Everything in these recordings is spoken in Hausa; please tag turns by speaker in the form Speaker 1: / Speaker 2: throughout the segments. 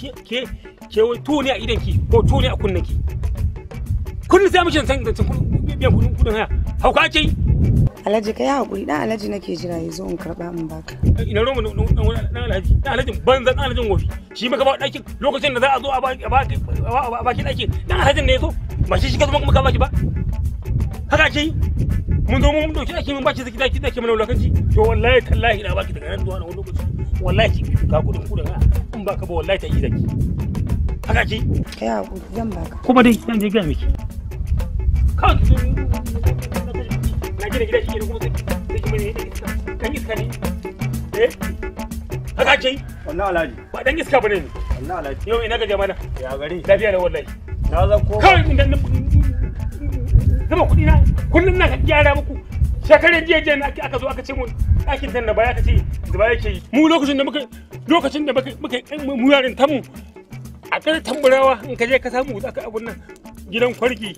Speaker 1: ke ke wai tuwo ne a idan ki ko tuwo ne a kunnen ki kullum sai mishin san zancen biyan kudin kudin haya hauka ce Alhaji kai haƙuri, ɗan Alhaji nake jira zo in karɓa in baka ina romu dan Alhaji dan Alhaji banzan dan Alhaji wofi shi maka ba daki lokacin da za a zo a baki a baki daki dan Alhaji ne yazo ba shi shi ka zo maka baki ba haka ce mun zo mun dauki ake mun bashi zaki daki daki mana wulakanci to wallahi tallahi na baki daga nan zuwa na wani lokaci wallahi ga kudin kudin ha in baka ba wallahi ta yi zaki haka ki kai ya hakuri zan baka kuma dai zan je ga miki kawai na gida gida shi ne kuma sai kuma ne kan iska ne eh haka ki wallahi alhaji ba dan iska bane ne wallahi alhaji yau ina ga jama'a ya gari lafiya ne wallahi na zan ko kawai zuba kuɗi na kullum na gyara muku shekaran jiya jiya ake aka zo aka ce mu ɗakin nan da baya ka ce da baya ke yi mu lokacin da muka lokacin da muka muka mu yarin tamu a kan tamburawa in ka je ka samu ka abun nan gidan kwarki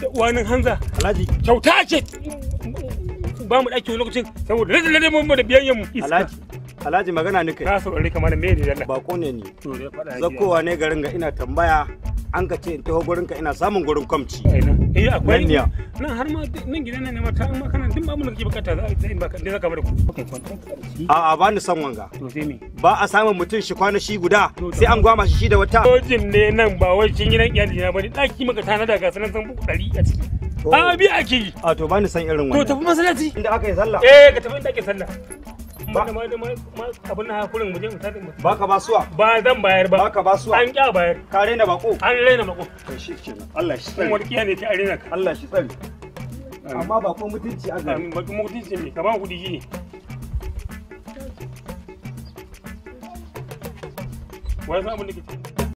Speaker 1: da uwanin hanza alhaji kyauta ce ba mu ɗaki lokacin saboda rage
Speaker 2: rage mu da biyayyen mu alhaji alhaji magana nake na saurare kamar me ne ne ni zakowa ne garin ga ina tambaya an ka ce in taho gurin ka ina samun gurin kwamci eh, eh akwai nan
Speaker 1: har ma nan gidan nan ne ma ta amma kana duk abin da kake bukata za in baka dai zaka bar
Speaker 2: ku a a ba ni san wanga to sai me ba a samun mutum shi kwana shi guda sai an gwama shi da wata dojin ne nan
Speaker 1: ba wai shin gidan iyali na bane daki maka tana daga sanan san 100 a ciki a bi ake yi
Speaker 2: a to ba ni san irin wannan to tafi masallaci inda aka yi sallah eh ka
Speaker 1: tafi inda ake sallah abin na hakurin mu je mu tare ba ka basuwa ba zan bayar ba ba ka basuwa an kya bayar ka rena bako an rena bako kai shi kenan Allah shi tsare wani kiyaye ta arena ka Allah shi tsari amma ba ko mutunci a gari ba mutunci ne ka ba kudi shi ne
Speaker 2: wai san abin da kike